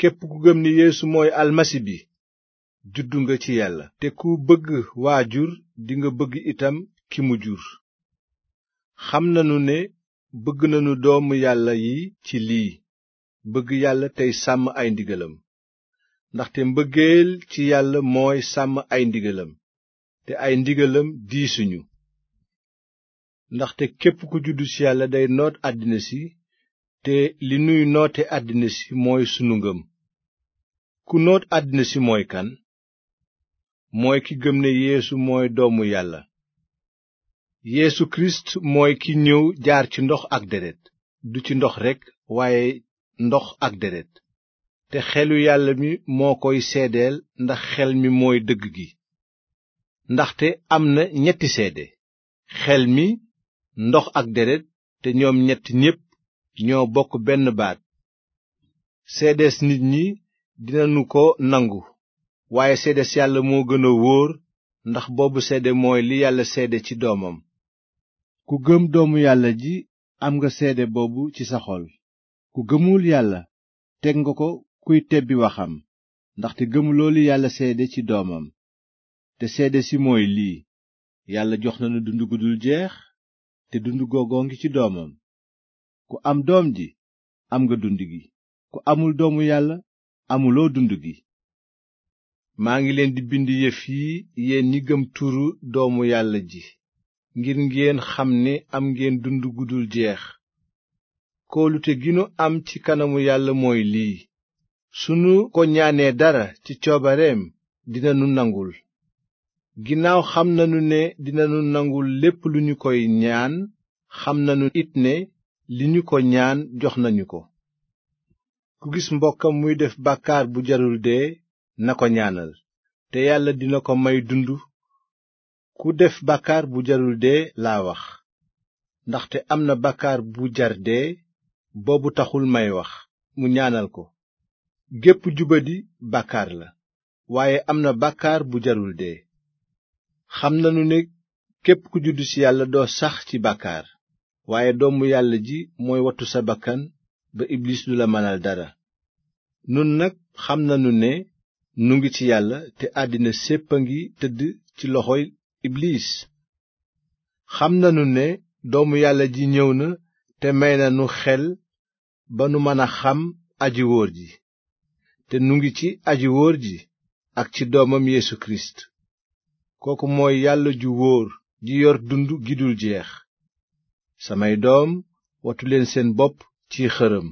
képp ku gëm ni yéesu mooy almasi bi juddu nga ci yàlla te ku bëgg waajur dinga bëgg itam ki mu jur xam nanu ne bëgg nanu doomu yàlla yi ci lii bëgg yàlla tey sàmm ay ndigalam ndaxte mbëggeel ci yàlla mooy sàmm ay ndigalam te ay ndigalam diisuñu ndaxte képp ku juddu ci yàlla day noot àddina si te li nuy noote àddina si mooy sunu ngëm ku noot àddina si mooy kan mooy ki gëm ne yeesu mooy doomu yàlla yéesu kirist mooy ki ñëw jaar ci ndox ak deret du ci ndox rekk waaye ndox ak deret te xelu yàlla mi moo koy seedeel ndax xel mi mooy dëgg gi ndaxte am na ñetti seede xel mi ndox ak deret te ñoom ñett ñépp ñoo bokk benn baat seedees nit ñi dinanu ko nangu waaye seedes yàlla moo gën a wóor ndax boobu seede mooy li yàlla sede ci doomam ku gëm doomu yàlla ji am nga seede boobu ci sa xol ku gëmul yàlla teg nga ko kuy tebbi waxam ndaxte gëmuloo li yàlla seede ci doomam te seede si mooy lii yàlla jox nañu dund gu jeex te dund googoo ngi ci doomam ku am doom ji am nga dund gi ku amul doomu yàlla amuloo dund gi maa ngi leen di bind yëf yi yéen ñi gëm turu doomu yàlla ji ngir ngeen xam ne am ngeen dund gudul jeex kóolute gi nu am ci kanamu yàlla mooy lii su nu ko ñaanee dara ci coobareem dina nu nangul ginnaaw xam nanu ne dinanu nangul lépp lu ñu koy ñaan xam nanu it ne li ñu ko ñaan jox nañu ko ku gis mbokkam muy def bàkkaar bu jarul dee na ko ñaanal te yàlla dina ko may dund ku def bàkkaar bu jarul dee laa wax ndaxte am na bàkkaar bu jar dee boobu taxul may wax mu ñaanal ko gépp jubadi bàkkaar la waaye am na bàkkaar bu jarul dee xam nanu ne képp ku juddu ci yàlla doo sax ci bàkkaar waaye doomu yàlla ji mooy wattu sa bakkan ba iblis du la mënal dara nun nag xam nanu ne nu ngi ci yàlla te àddina sépp a ngi tëdd ci loxoy iblis xam nanu ne doomu yàlla ji ñëw na te may na nu xel ba nu mën a xam aji wóor ji te nu ngi ci aji wóor ji ak ci doomam Yeesu Kirist kooku mooy yàlla ju wóor ji yor dund gidul jeex samay doom wattu seen bopp ci xërëm